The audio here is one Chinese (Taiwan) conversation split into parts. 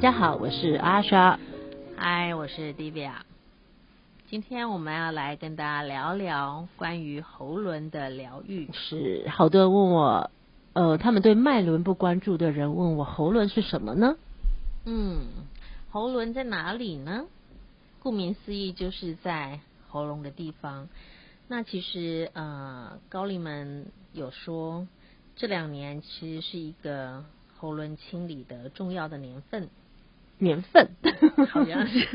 大家好，我是阿莎。嗨，我是 Divya。今天我們要來跟大家聊聊關於喉輪的療癒。是，好多人問我，呃，他們對脈輪不關注的人問我喉輪是什麼呢？嗯，喉輪在哪裡呢？顧名思義，就是在喉嚨的地方。那其實，呃，高靈們有說，這兩年其實是一個喉輪清理的重要的年份。年份，好像是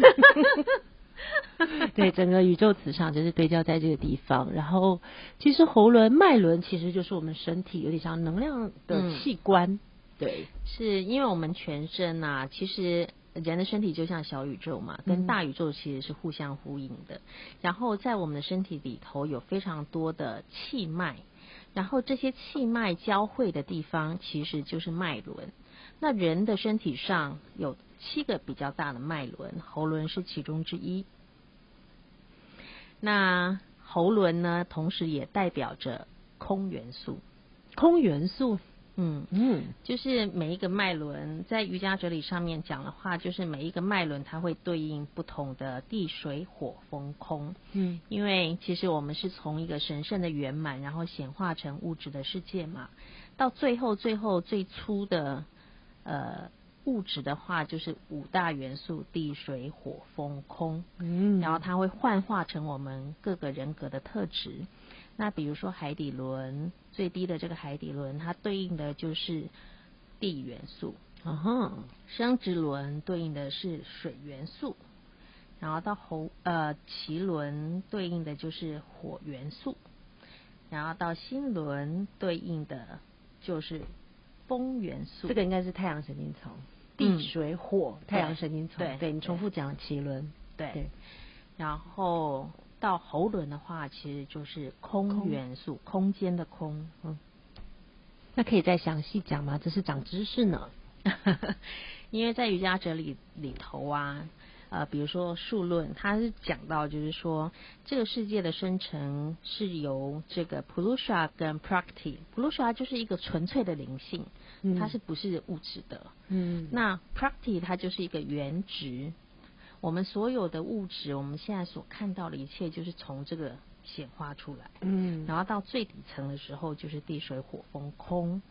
對， 對，整個宇宙磁場就是對焦在這個地方。然後，其實喉輪、脈輪其實就是我們身體有點像能量的器官。嗯、對，是因為我們全身啊，其實人的身體就像小宇宙嘛，跟大宇宙其實是互相呼應的。嗯、然後，在我們的身體裡頭有非常多的氣脈，然後這些氣脈交匯的地方其實就是脈輪。那人的身體上有七個比較大的脈輪，喉輪是其中之一。那喉輪呢，同時也代表着空元素。空元素？嗯嗯，嗯就是每一個脈輪在瑜伽哲理上面講的話，就是每一個脈輪它會對應不同的地、水、火、風、空。嗯，因為其實我們是從一個神聖的圓滿，然後顯化成物質的世界嘛，到最後、最後最、最粗的呃。物質的話就是五大元素：地、水、火、風、空。嗯，然後它會幻化成我們各個人格的特質。那比如說海底輪最低的這個海底輪，它對應的就是地元素。嗯、啊、哼，生殖輪對應的是水元素。然後到喉呃臍輪對應的就是火元素。然後到心輪對應的就是風元素。這個應該是太陽神經叢。地水火、嗯、太陽神經叢，對，對，對，你重複講臍輪，對，對對，然後到喉輪的話，其實就是空元素，空間的空，嗯，那可以再詳細講嗎？這是長知識呢， 因為在瑜伽哲理裡，裡頭啊，呃，比如說數論，它是講到就是說，這個世界的生成是由這個 Purusha 跟 Prakriti，Purusha 就是一個純粹的靈性。它是不是物質的？嗯，那 practice 它就是一個原質。嗯、我們所有的物質，我們現在所看到的一切，就是從這個顯化出來。嗯，然後到最底層的時候，就是地水火風空。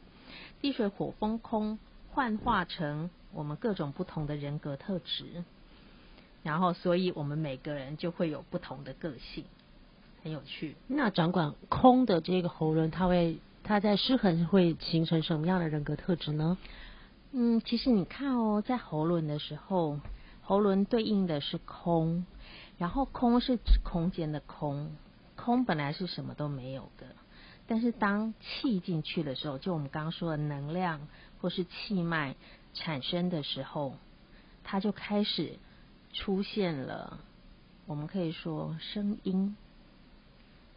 地水火風空幻化成我們各種不同的人格特質，嗯、然後所以我們每個人就會有不同的個性，很有趣。那掌管空的這個喉輪，它會？它在失衡會形成什麼樣的人格特質呢？嗯，其實你看哦，在喉輪的時候，喉輪對應的是空，然後空是空間的空，空本來是什麼都沒有的，但是當氣進去的時候，就我們剛剛說的能量或是氣脈產生的時候，它就開始出現了。我們可以說聲音。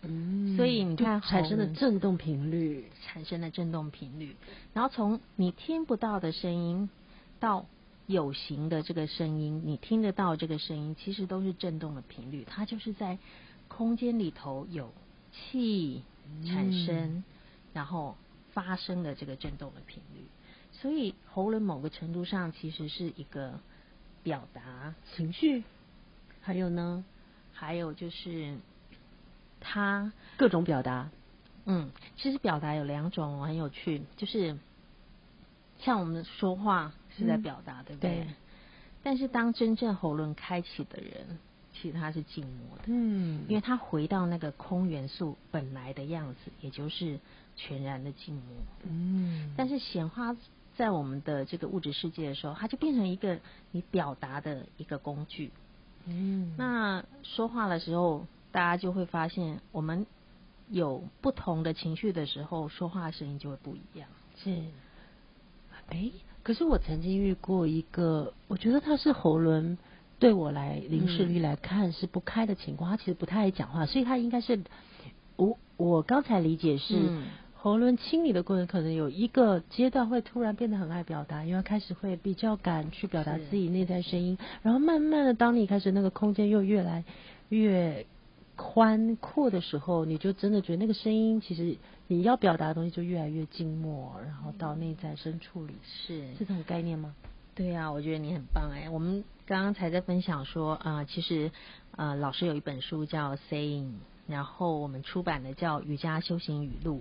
嗯，所以你看產生的震動頻率，產生的震動頻率，然後從你聽不到的聲音到有形的這個聲音，你聽得到這個聲音，其實都是震動的頻率。它就是在空間裡頭有氣產生，嗯、然後發生的這個震動的頻率。所以喉嚨某個程度上其實是一個表達情緒，還有呢，還有就是。他各種表達，嗯，其實表達有兩種，很有趣，就是像我們說話是在表達，嗯、對不對？對。但是，當真正喉輪開啟的人，其實他是靜默的，嗯，因為他回到那個空元素本來的樣子，也就是全然的靜默的，嗯。但是顯化在我們的這個物質世界的時候，它就變成一個你表達的一個工具，嗯。那說話的時候。大家就會發現，我們有不同的情緒的時候，說話聲音就會不一樣。是，哎、欸，可是我曾經遇過一個，我覺得他是喉輪對我來，靈視力來看是不開的情況。他、嗯、其實不太愛講話，所以他應該是我我剛才理解是、嗯、喉輪清理的過程，可能有一個階段會突然變得很愛表達，因為開始會比較敢去表達自己內在聲音，是然後慢慢的，當你開始那個空間又越來越。寬闊的時候，你就真的覺得那個聲音，其實你要表達的東西就越來越靜默，然後到內在深處裡，嗯、是，是這種概念嗎？對啊，我覺得你很棒哎、欸。我們剛剛才在分享說啊、呃，其實啊、呃，老師有一本書叫《Saying》，然後我們出版的叫《瑜伽修行語錄》，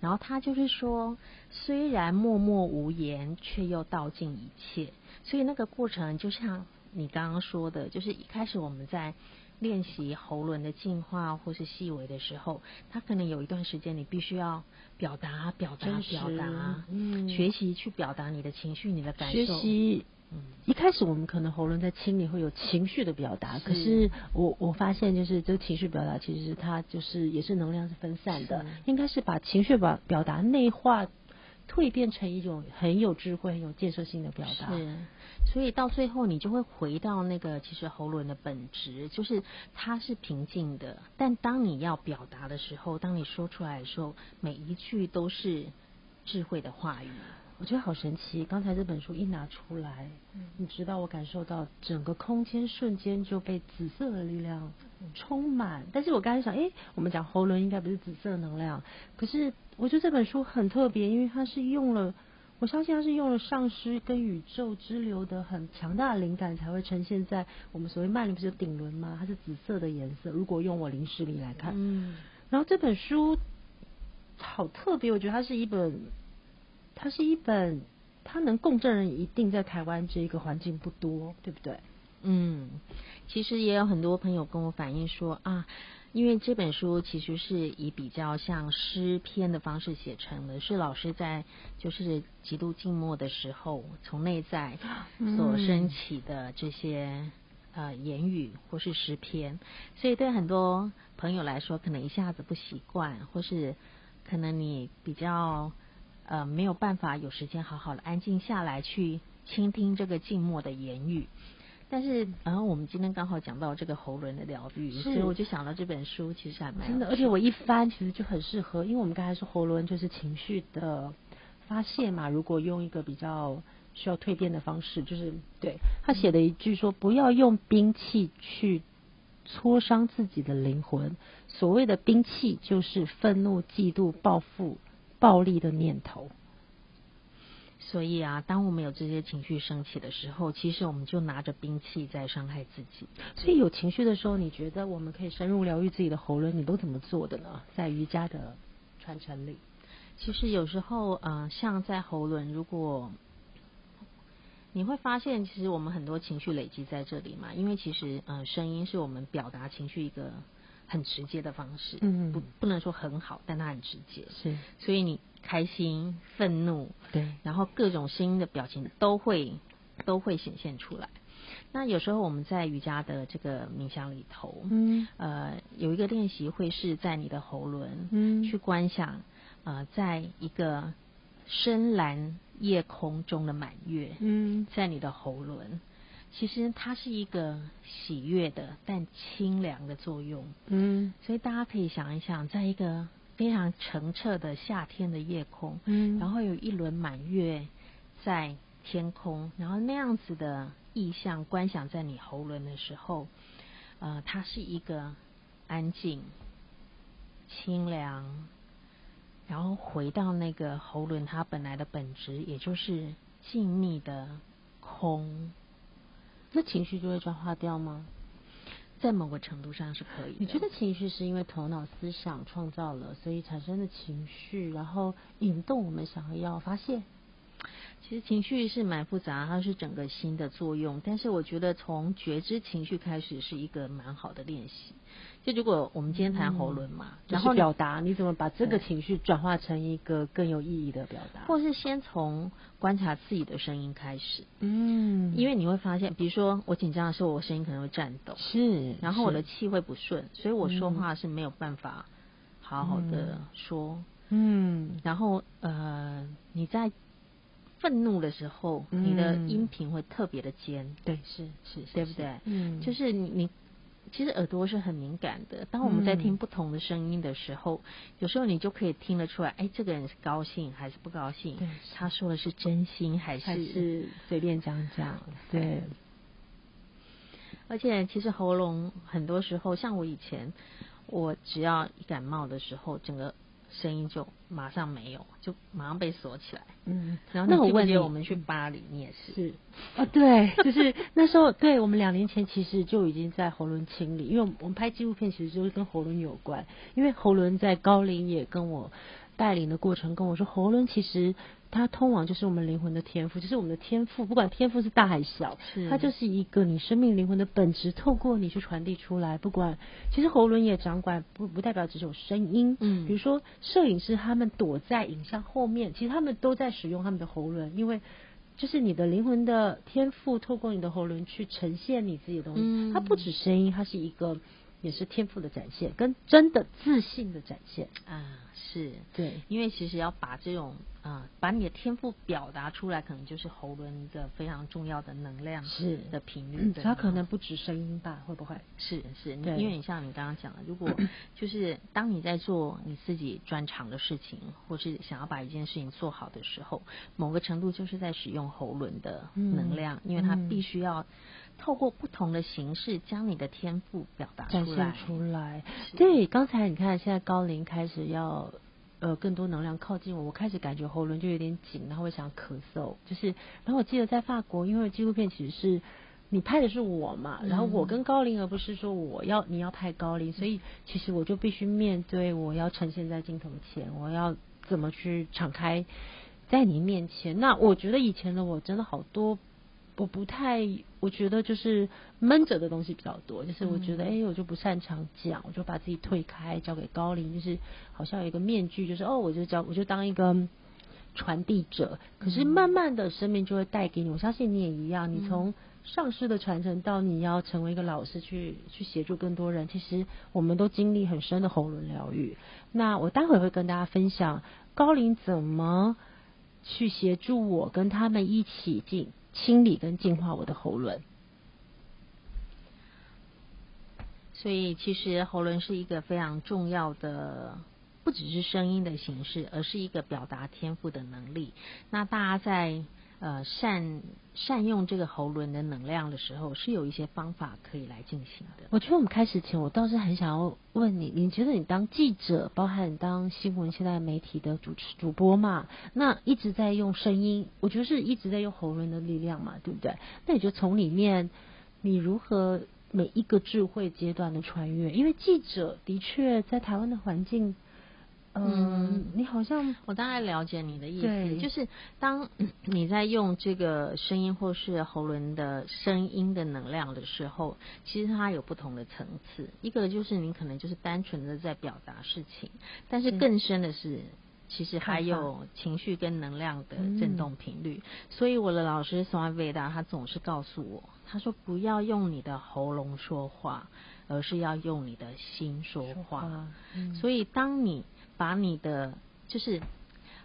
然後他就是說，雖然默默無言，卻又道盡一切。所以那個過程，就像你剛剛說的，就是一開始我們在。練習喉輪的進化或是細微的時候，他可能有一段時間你必須要表達、表達、是表達達，嗯，學習去表達你的情緒、你的感受。學習，一開始我們可能喉輪在清理會有情緒的表達，是可是我我發現就是這個情緒表達其實它就是也是能量是分散的，是應該是把情緒把表達內化。蛻變成一種很有智慧、很有建設性的表達，是，所以到最後你就會回到那個其實喉輪的本質，就是它是平靜的。但當你要表達的時候，當你說出來的時候，每一句都是智慧的話語。我覺得好神奇！剛才這本書一拿出來，嗯、你知道我感受到整個空間瞬間就被紫色的力量充滿。嗯、但是我剛才想，哎、欸，我們講喉輪應該不是紫色能量。可是我覺得這本書很特別，因為它是用了，我相信它是用了上師跟宇宙之流的很強大的靈感才會呈現在我們所謂曼輪，不是頂輪嗎？它是紫色的顏色。如果用我靈視力來看，嗯、然後這本書好特別，我覺得它是一本。它是一本，它能共振人一定在台灣這一個環境不多，對不對？嗯，其實也有很多朋友跟我反映說啊，因為這本書其實是以比較像詩篇的方式寫成的，是老師在就是極度靜默的時候，從內在所升起的這些、嗯、呃言語或是詩篇，所以對很多朋友來說，可能一下子不習慣，或是可能你比較。呃，沒有辦法有時間好好的安靜下來去傾聽這個靜默的言語。但是，然、呃、後我們今天剛好講到這個喉輪的療癒，是所以我就想到這本書其實還蠻真的。而且我一翻，其實就很適合，因為我們剛才說喉輪就是情緒的發洩嘛。如果用一個比較需要蛻變的方式，就是對他寫的一句說：“不要用兵器去挫傷自己的靈魂。”所謂的兵器就是憤怒、嫉妒、報復。暴力的念頭。所以啊，當我們有這些情緒升起的時候，其實我們就拿着兵器在傷害自己。所以有情緒的時候，你覺得我們可以深入療癒自己的喉嚨，你都怎麼做的呢？在瑜伽的傳承裡，其實有時候，嗯、呃，像在喉嚨，如果你會發現，其實我們很多情緒累積在這裡嘛，因為其實，嗯、呃，聲音是我們表達情緒一個。很直接的方式，嗯，不，不能說很好，但它很直接，是。所以你開心、憤怒，對，然後各種聲音的表情都會，都會顯現出來。那有時候我們在瑜伽的這個冥想裡頭，嗯，呃，有一個練習會是在你的喉輪，嗯，去觀想，呃，在一個深藍夜空中的滿月，嗯，在你的喉輪。其實它是一個喜悅的，但清涼的作用。嗯，所以大家可以想一想，在一個非常澄澈的夏天的夜空，嗯，然後有一輪滿月在天空，然後那樣子的意象觀想在你喉輪的時候，呃，它是一個安靜、清涼，然後回到那個喉輪它本來的本質，也就是靜謐的空。那情緒就會轉化掉嗎？在某個程度上是可以。你覺得情緒是因為頭腦思想創造了，所以產生的情緒，然後引動我們想要發洩？其實情緒是蠻複雜，它是整個心的作用。但是我覺得從覺知情緒開始是一個蠻好的練習。就如果我們今天談喉輪嘛，嗯、然後表達，你怎麼把這個情緒轉化成一個更有意義的表達？嗯、或是先從觀察自己的聲音開始，嗯，因為你會發現，比如說我緊張的時候，我聲音可能會顫抖，是，然後我的氣會不順，嗯、所以我說話是沒有辦法好好的說，嗯，然後呃，你在。憤怒的時候，你的音頻會特別的尖。對，是是，對不對？嗯，就是你，你其實耳朵是很敏感的。當我們在聽不同的聲音的時候，有時候你就可以聽得出來，哎，這個人是高興還是不高興？對，他說的是真心還是隨便講講？對。而且，其實喉嚨很多時候，像我以前，我只要一感冒的時候，整個。聲音就馬上沒有，就馬上被鎖起來。嗯，然後那我問你，我們去巴黎，你，你也是是啊，哦？對， 就是那時候，對我們兩年前其實就已經在喉輪清理，因為我們拍紀錄片其實就是跟喉輪有關，因為喉輪在高靈也跟我帶領的過程跟我說，喉輪其實。它通往，就是我們靈魂的天賦，就是我們的天賦，不管天賦是大還是小，它就是一個你生命靈魂的本質，透過你去傳遞出來。不管其實喉輪也掌管，不不代表只有聲音。嗯，比如說攝影師，他們躲在影像後面，其實他們都在使用他們的喉輪，因為就是你的靈魂的天賦，透過你的喉輪去呈現你自己的東西。它不止聲音，它是一個。也是天賦的展現，跟真的自信的展現啊，是，對，因為其實要把這種啊、呃，把你的天賦表達出來，可能就是喉輪的非常重要的能量，是的頻率。嗯、的，它可能不止聲音吧，會不會？是是，是對因為你像你剛剛講的，如果就是當你在做你自己專長的事情， 或是想要把一件事情做好的時候，某個程度就是在使用喉輪的能量，嗯、因為它必須要。透過不同的形式將你的天賦表達展現出來。是對，剛才你看，現在高靈開始要呃更多能量靠近我，我開始感覺喉嚨就有點緊，然後會想咳嗽。就是，然後我記得在法國，因為紀錄片其實是你拍的是我嘛，嗯、然後我跟高靈而不是說我要你要拍高靈，所以其實我就必須面對我要呈現在鏡頭前，我要怎麼去敞開在你面前。那我覺得以前的我真的好多。我不太，我覺得就是悶着的東西比較多，就是我覺得，哎、欸，我就不擅長講，我就把自己推開，交給高靈，就是好像有一個面具，就是哦，我就交，我就當一個傳遞者。可是慢慢的，生命就會帶給你，我相信你也一樣。你從上師的傳承到你要成為一個老師去，去去協助更多人，其實我們都經歷很深的喉輪療癒。那我待會兒會跟大家分享高靈怎麼去協助我跟他們一起進。清理跟淨化我的喉輪，所以其實喉輪是一個非常重要的，不只是聲音的形式，而是一個表達天賦的能力。那大家在，呃，善。善用這個喉輪的能量的時候，是有一些方法可以來進行的。我覺得我們開始前，我倒是很想要問你：你覺得你當記者，包含當新聞、現在媒體的主持主播嘛？那一直在用聲音，我覺得是一直在用喉輪的力量嘛，對不對？那也就從裡面，你如何每一個智慧階段的穿越？因為記者的確在台灣的環境。嗯，你好像我大概了解你的意思，對就是當你在用這個聲音或是喉嚨的聲音的能量的時候，其實它有不同的層次。一個就是你可能就是單純的在表達事情，但是更深的是，是其實還有情緒跟能量的震動頻率。嗯、所以我的老師斯瓦米韋達他總是告訴我，他說不要用你的喉嚨說話，而是要用你的心說話。說話嗯、所以當你。把你的就是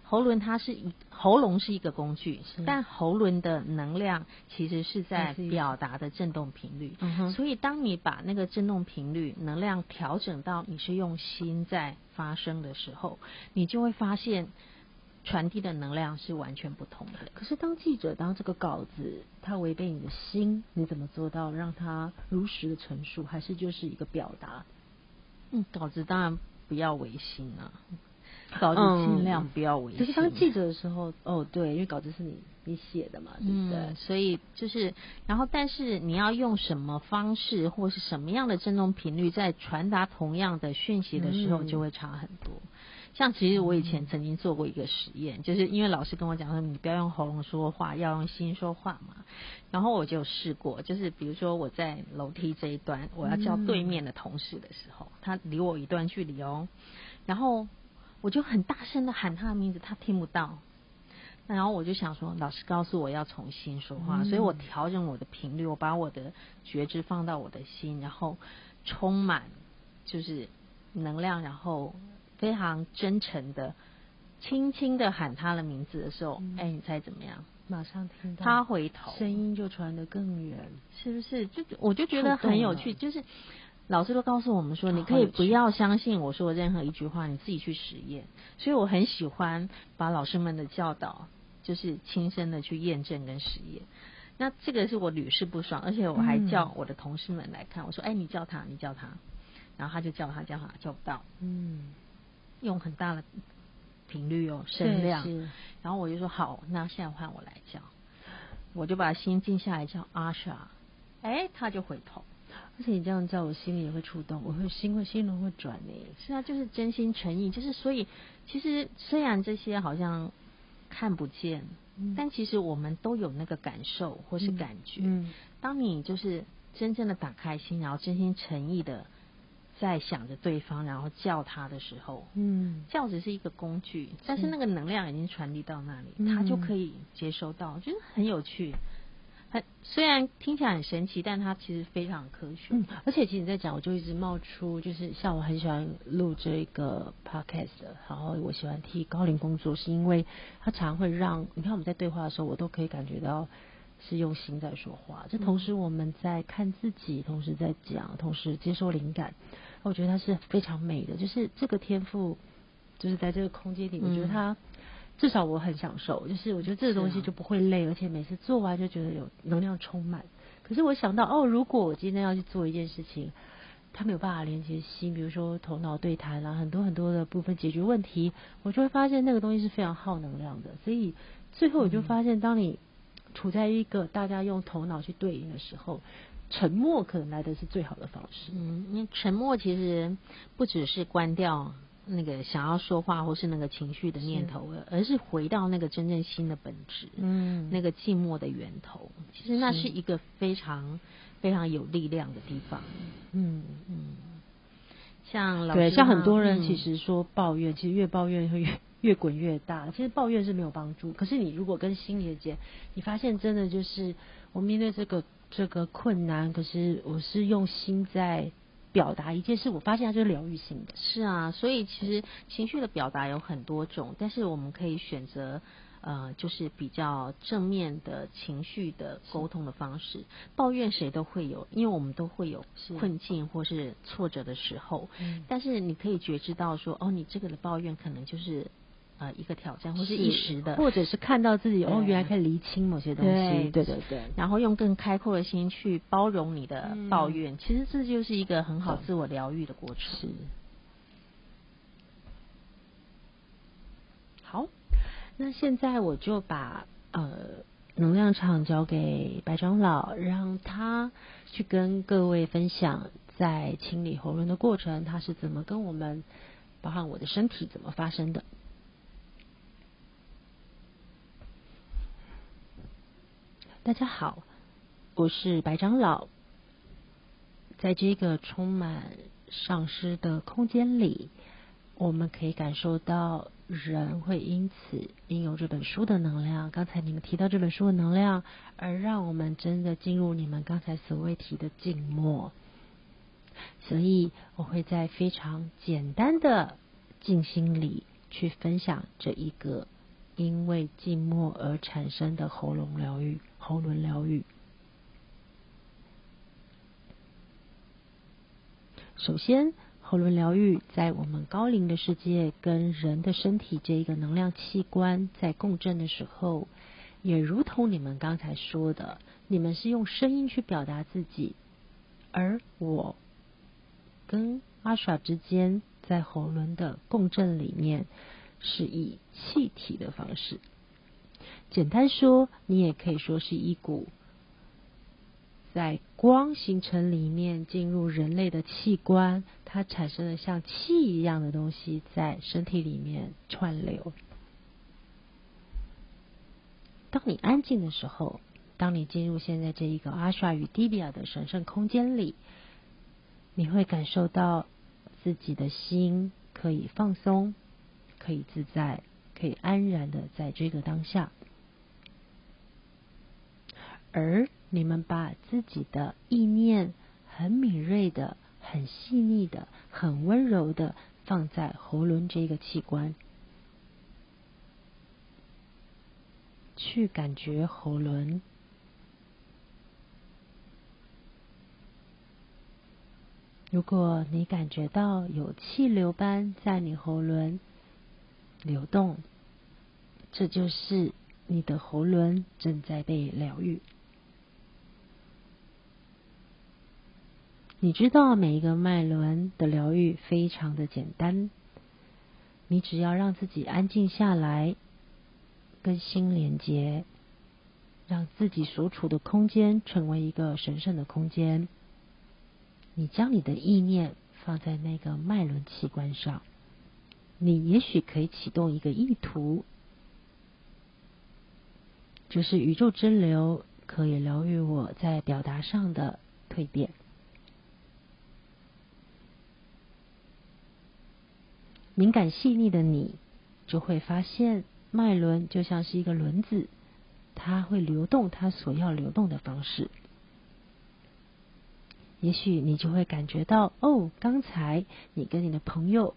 喉輪，它是一喉嚨是一個工具，嗯、但喉輪的能量其實是在表達的振動頻率。嗯哼。所以當你把那個振動頻率能量調整到你是用心在發聲的時候，你就會發現傳遞的能量是完全不同的。可是當記者當這個稿子它違背你的心，你怎麼做到讓他如實的陳述？還是就是一個表達？嗯，稿子當然。不要違心啊，稿子儘量、嗯嗯、不要違心、啊。就是當記者的時候，哦，對，因為稿子是你你寫的嘛，對不對、嗯？所以就是，然後但是你要用什麼方式，或是什麼樣的振動頻率，在傳達同樣的訊息的時候，嗯、就會差很多。像其實我以前曾經做過一個實驗，嗯、就是因為老師跟我講說，你不要用喉嚨說話，要用心說話嘛。然後我就試過，就是比如說我在樓梯這一端，我要叫對面的同事的時候，嗯、他離我一段距離哦，然後我就很大聲的喊他的名字，他聽不到。那然後我就想說，老師告訴我要從心說話，嗯、所以我調整我的頻率，我把我的覺知放到我的心，然後充滿就是能量，然後。非常真誠的，輕輕的喊他的名字的時候，嗯、哎，你猜怎麼樣？馬上聽到他回頭，聲音就傳得更遠，是不是？就我就覺得很有趣。就是老師都告訴我們說，你可以不要相信我說的任何一句話，你自己去實驗。所以我很喜歡把老師們的教導，就是親身的去驗證跟實驗。那這個是我屢試不爽，而且我還叫我的同事們來看。嗯、我說，哎，你叫他，你叫他，然後他就叫他，叫他，叫，他叫不到，嗯。用很大的頻率哦，聲量，是，然後我就說好，那現在換我來叫，我就把心靜下來叫阿莎，哎，他就回頭，而且你這樣在我心裡也會觸動，嗯、我會心會心輪會轉呢、欸。是啊，就是真心誠意，就是所以，其實雖然這些好像看不見，嗯、但其實我們都有那個感受或是感覺。嗯嗯、當你就是真正的打開心，然後真心誠意的。在想着對方，然後叫他的時候，嗯，叫只是一個工具，嗯、但是那個能量已經傳遞到那裡，嗯、他就可以接收到。我、就是覺得很有趣，很雖然聽起來很神奇，但它其實非常科學。嗯、而且其實你在講，我就一直冒出，就是像我很喜歡錄這個 podcast 的，然後我喜歡替高靈工作，是因為他常常會讓你看，我們在對話的時候，我都可以感覺到是用心在說話。這同時我們在看自己，同時在講，同時接收靈感。我覺得他是非常美的，就是這個天賦，就是在這個空間裡，嗯、我覺得他至少我很享受。就是我覺得這個東西就不會累，啊、而且每次做完就覺得有能量充滿。可是我想到，哦，如果我今天要去做一件事情，他沒有辦法連接心，比如說頭腦對談啊，很多很多的部分解決問題，我就會發現那個東西是非常耗能量的。所以最後我就發現，當你處在一個大家用頭腦去對應的時候。嗯沉默可能來的是最好的方式的。嗯，因為沉默其實不只是關掉那個想要說話或是那個情緒的念頭，是而是回到那個真正心的本質。嗯，那個寂寞的源頭，其實那是一個非常是非常有力量的地方。嗯嗯，嗯像老對，像很多人其實說抱怨，嗯，其實越抱怨會越越滾越大。其實抱怨是沒有幫助。可是你如果跟心理的結，你發現真的就是我們面對這個。這個困難，可是我是用心在表達一件事，我發現它就是療癒性的。是啊，所以其實情緒的表達有很多種，但是我們可以選擇，呃，就是比較正面的情緒的溝通的方式。是抱怨誰都會有，因為我們都會有困境或是挫折的時候。嗯是，但是你可以覺知到說，哦，你這個的抱怨可能就是。呃，一個挑戰，或是一時的，或者是看到自己對哦，原來可以釐清某些東西，對對對，然後用更開闊的心去包容你的抱怨，嗯，其實這就是一個很好自我療癒的過程。是。好，那現在我就把呃能量場交給白長老，讓他去跟各位分享在清理喉嚨的過程，他是怎麼跟我們，包含我的身體怎麼發生的。大家好，我是白長老。在這個充滿上師的空間裡，我們可以感受到人會因此擁有這本書的能量。剛才你們提到這本書的能量，而讓我們真的進入你們剛才所謂提的靜默。所以我會在非常簡單的靜心裡去分享這一個因為靜默而產生的喉嚨療癒。喉輪療癒。首先，喉輪療癒在我們高靈的世界跟人的身體這一個能量器官在共振的時候，也如同你們剛才說的，你們是用聲音去表達自己，而我跟 Asha 之間在喉輪的共振裡面是以氣體的方式。簡單說，你也可以說是一股在光形成裡面進入人類的器官，它產生了像氣一樣的東西在身體裡面串流。當你安靜的時候，當你進入現在這一個 Asha 與 Divya 的神聖空間裡，你會感受到自己的心可以放鬆，可以自在，可以安然的在這個當下。而你們把自己的意念很敏銳的、很細膩的、很溫柔的放在喉嚨這個器官，去感覺喉嚨。如果你感覺到有氣流般在你喉嚨流動，這就是你的喉嚨正在被療癒。你知道每一個脈輪的療癒非常的簡單，你只要讓自己安靜下來，跟心連接，讓自己所處的空間成為一個神聖的空間。你將你的意念放在那個脈輪器官上，你也許可以啟動一個意圖，就是宇宙之流可以療癒我在表達上的蛻變。敏感細膩的你，就會發現脈輪就像是一個輪子，它會流動它所要流動的方式。也許你就會感覺到，哦，剛才你跟你的朋友，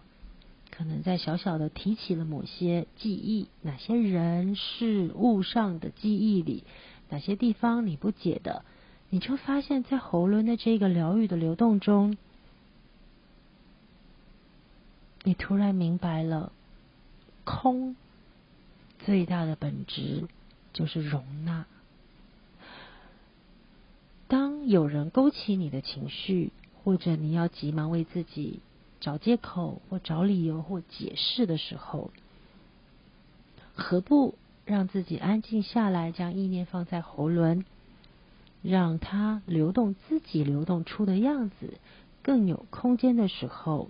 可能在小小的提起了某些記憶，哪些人事物上的記憶裡，哪些地方你不解的，你就發現，在喉輪的這個療癒的流動中。你突然明白了，空最大的本質就是容納。當有人勾起你的情緒，或者你要急忙為自己找借口或找理由或解釋的時候，何不讓自己安靜下來，將意念放在喉輪，讓它流動，自己流動出的樣子更有空間的時候。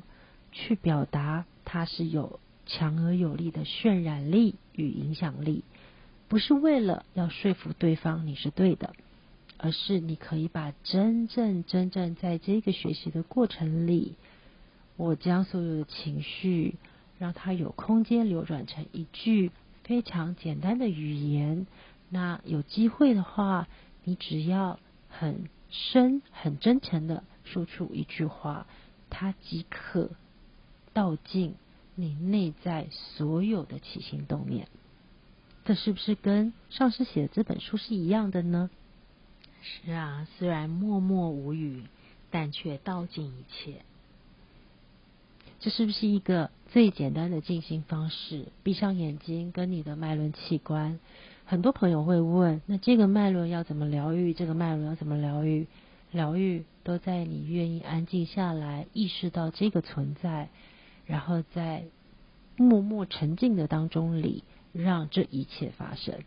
去表達，它是有強而有力的渲染力與影響力，不是為了要說服對方你是對的，而是你可以把真正真正在這個學習的過程裡，我將所有的情緒讓它有空間流轉成一句非常簡單的語言。那有機會的話，你只要很深、很真誠的說出一句話，他即可。道盡你內在所有的起心動念，這是不是跟上師寫的這本書是一樣的呢？是啊，雖然默默無語，但卻道盡一切。這是不是一個最簡單的靜心方式？閉上眼睛，跟你的脈輪器官。很多朋友會問，那這個脈輪要怎麼療癒？這個脈輪要怎麼療癒？療癒都在你願意安靜下來，意識到這個存在。然後在默默沉靜的當中裡，讓這一切發生。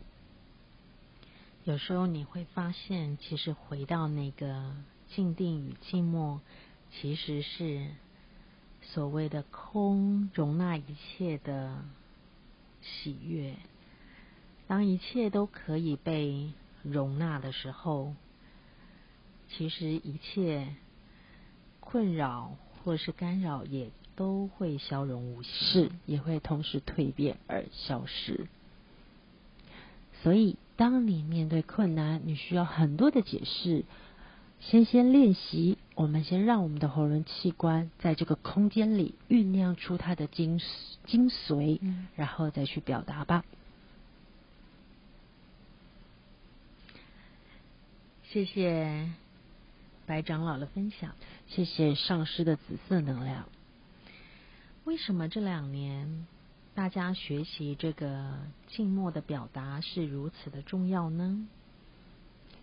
有時候你會發現，其實回到那個靜定與寂寞，其實是所謂的空容納一切的喜悅。當一切都可以被容納的時候，其實一切困擾或是干擾也。都會消融無形，也會同時蛻變而消失。所以，當你面對困難，你需要很多的解釋。先先練習，我們先讓我們的喉輪器官在這個空間裡醞釀出它的精精髓，嗯、然後再去表達吧。謝謝白長老的分享。謝謝上師的紫色能量。為什麼這兩年大家學習這個靜默的表達是如此的重要呢？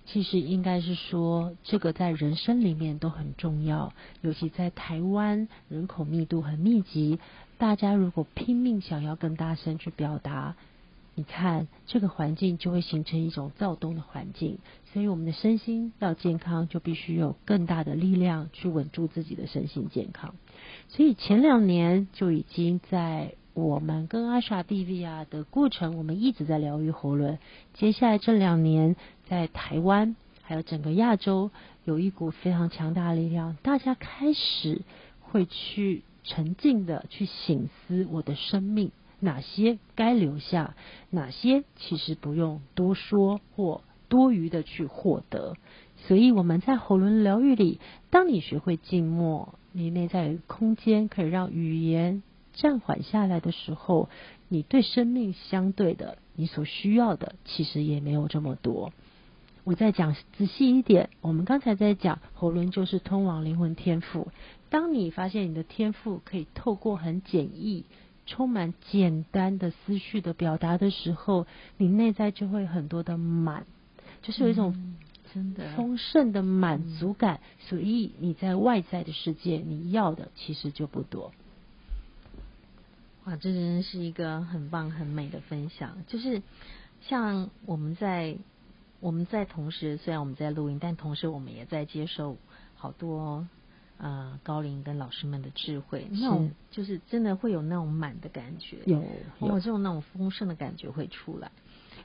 其實應該是說，這個在人生裡面都很重要，尤其在台灣，人口密度很密集，大家如果拼命想要更大聲去表達。你看，這個環境就會形成一種躁動的環境，所以我們的身心要健康，就必須有更大的力量去穩住自己的身心健康。所以前兩年就已經在我們跟 Asha Divya 的過程，我們一直在療癒喉輪。接下來這兩年，在台灣還有整個亞洲，有一股非常強大的力量，大家開始會去沉靜的去省思我的生命。哪些該留下，哪些其實不用多說或多餘的去獲得。所以我們在喉輪療癒裡，當你學會靜默，你內在空間可以讓語言暫緩下來的時候，你對生命相對的，你所需要的其實也沒有這麼多。我再講仔細一點，我們剛才在講喉輪就是通往靈魂天賦，當你發現你的天賦可以透過很簡易。充滿簡單的思緒的表達的時候，你內在就會很多的滿，就是有一種真的豐盛的滿足感，所以你在外在的世界，你要的其實就不多。哇，這真的是一個很棒、很美的分享。就是像我們在我們在同時，雖然我們在錄音，但同時我們也在接受好多。啊、呃，高靈跟老師們的智慧，那種我就是真的會有那種滿的感覺，有有這種、哦、那種豐盛的感覺會出來。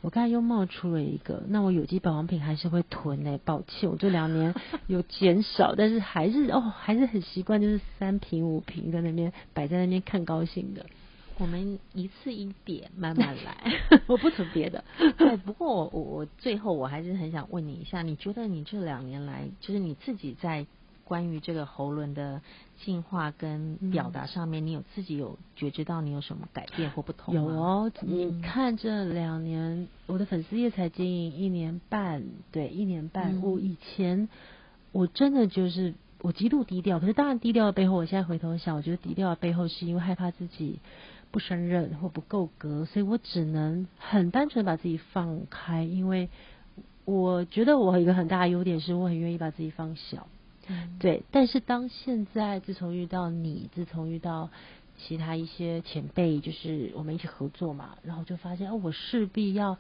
我剛才又冒出了一個，那我有機保養品還是會囤呢、欸。抱歉，我這兩年有減少， 但是還是哦還是很習慣，就是三瓶五瓶在那邊擺在那邊看高興的。我們一次一點，慢慢來。 我不囤別的。 對，不過我我最後我還是很想問你一下，你覺得你這兩年來，就是你自己在？關於這個喉輪的進化跟表達上面，嗯、你有自己有覺知到你有什麼改變或不同？有哦，你、嗯、看這兩年，我的粉絲頁才經營一年半，對，一年半。嗯、我以前我真的就是我極度低調，可是當然低調的背後，我現在回頭想，我覺得低調的背後是因為害怕自己不勝任或不夠格，所以我只能很單純把自己放開，因為我覺得我有一個很大的優點是我很願意把自己放小。嗯、對，但是當現在自從遇到你，自從遇到其他一些前輩，就是我們一起合作嘛，然後就發現哦，我勢必要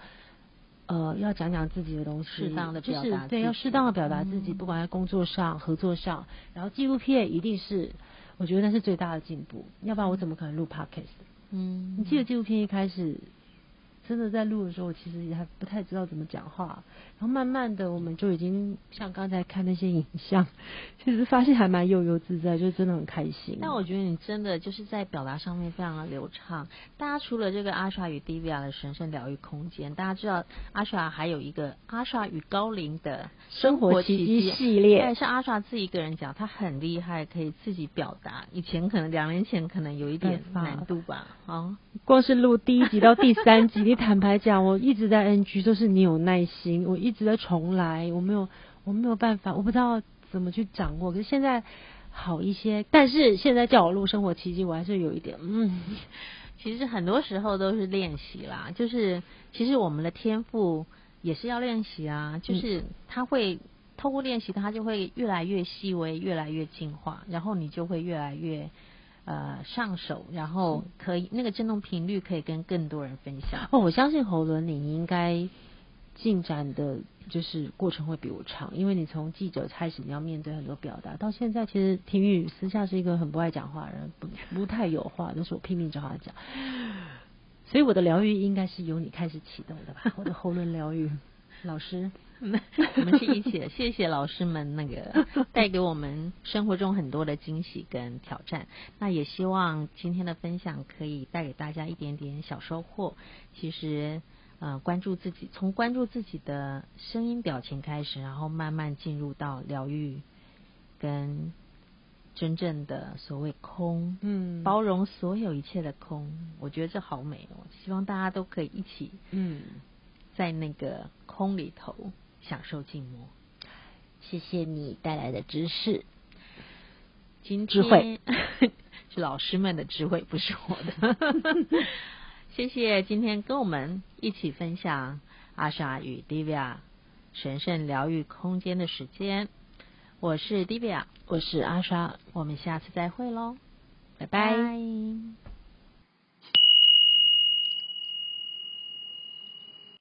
呃要講講自己的東西，適當的表達、就是，對，要適當的表達自己，嗯、不管在工作上、合作上，然後紀錄片也一定是，我覺得那是最大的進步，要不然我怎麼可能錄 Podcast？嗯，你記得紀錄片一開始？真的在錄的時候，我其實也還不太知道怎麼講話。然後慢慢的，我們就已經像剛才看那些影像，其實發現還蠻悠悠自在，就真的很開心。那我覺得你真的就是在表達上面非常的流暢。大家除了這個 Asha 與 Divya 的神聖療癒空間，大家知道 Asha 還有一個 Asha 與高靈的生活奇蹟系列。對，是 Asha 自己一個人講，他很厲害，可以自己表達。以前可能兩年前可能有一點難度吧。啊棒，好光是錄第一集到第三集。 你坦白講，我一直在 NG，都是你有耐心。我一直在重來，我沒有，我沒有辦法，我不知道怎麼去掌握。可是現在好一些，但是現在叫我錄生活奇蹟，我還是有一點嗯。其實很多時候都是練習啦，就是其實我們的天賦也是要練習啊，就是他會、嗯、透過練習，他就會越來越細微，越來越進化，然後你就會越來越。呃，上手，然後可以、嗯、那個震動頻率可以跟更多人分享。哦，我相信喉輪你應該進展的，就是過程會比我長，因為你從記者開始，你要面對很多表達，到現在其實婷雨私下是一個很不愛講話的人，然後不不太有話，就是我拼命找他講。所以我的療癒應該是由你開始啟動的吧？ 我的喉輪療癒，老師。 我們是一起的，謝謝老師們那個帶給我們生活中很多的驚喜跟挑戰。那也希望今天的分享可以帶給大家一點點小收穫。其實，呃，關注自己，從關注自己的聲音表情開始，然後慢慢進入到療癒，跟真正的所謂空，嗯，包容所有一切的空，我覺得這好美哦。我希望大家都可以一起，嗯、呃，在那個空裡頭。享受靜默，謝謝你帶來的知識。今天智慧 是老師們的智慧，不是我的。 謝謝今天跟我們一起分享阿莎與 Divya 神聖療癒空間的時間。我是 Divya，我是阿莎， 我們下次再會嘍，拜拜。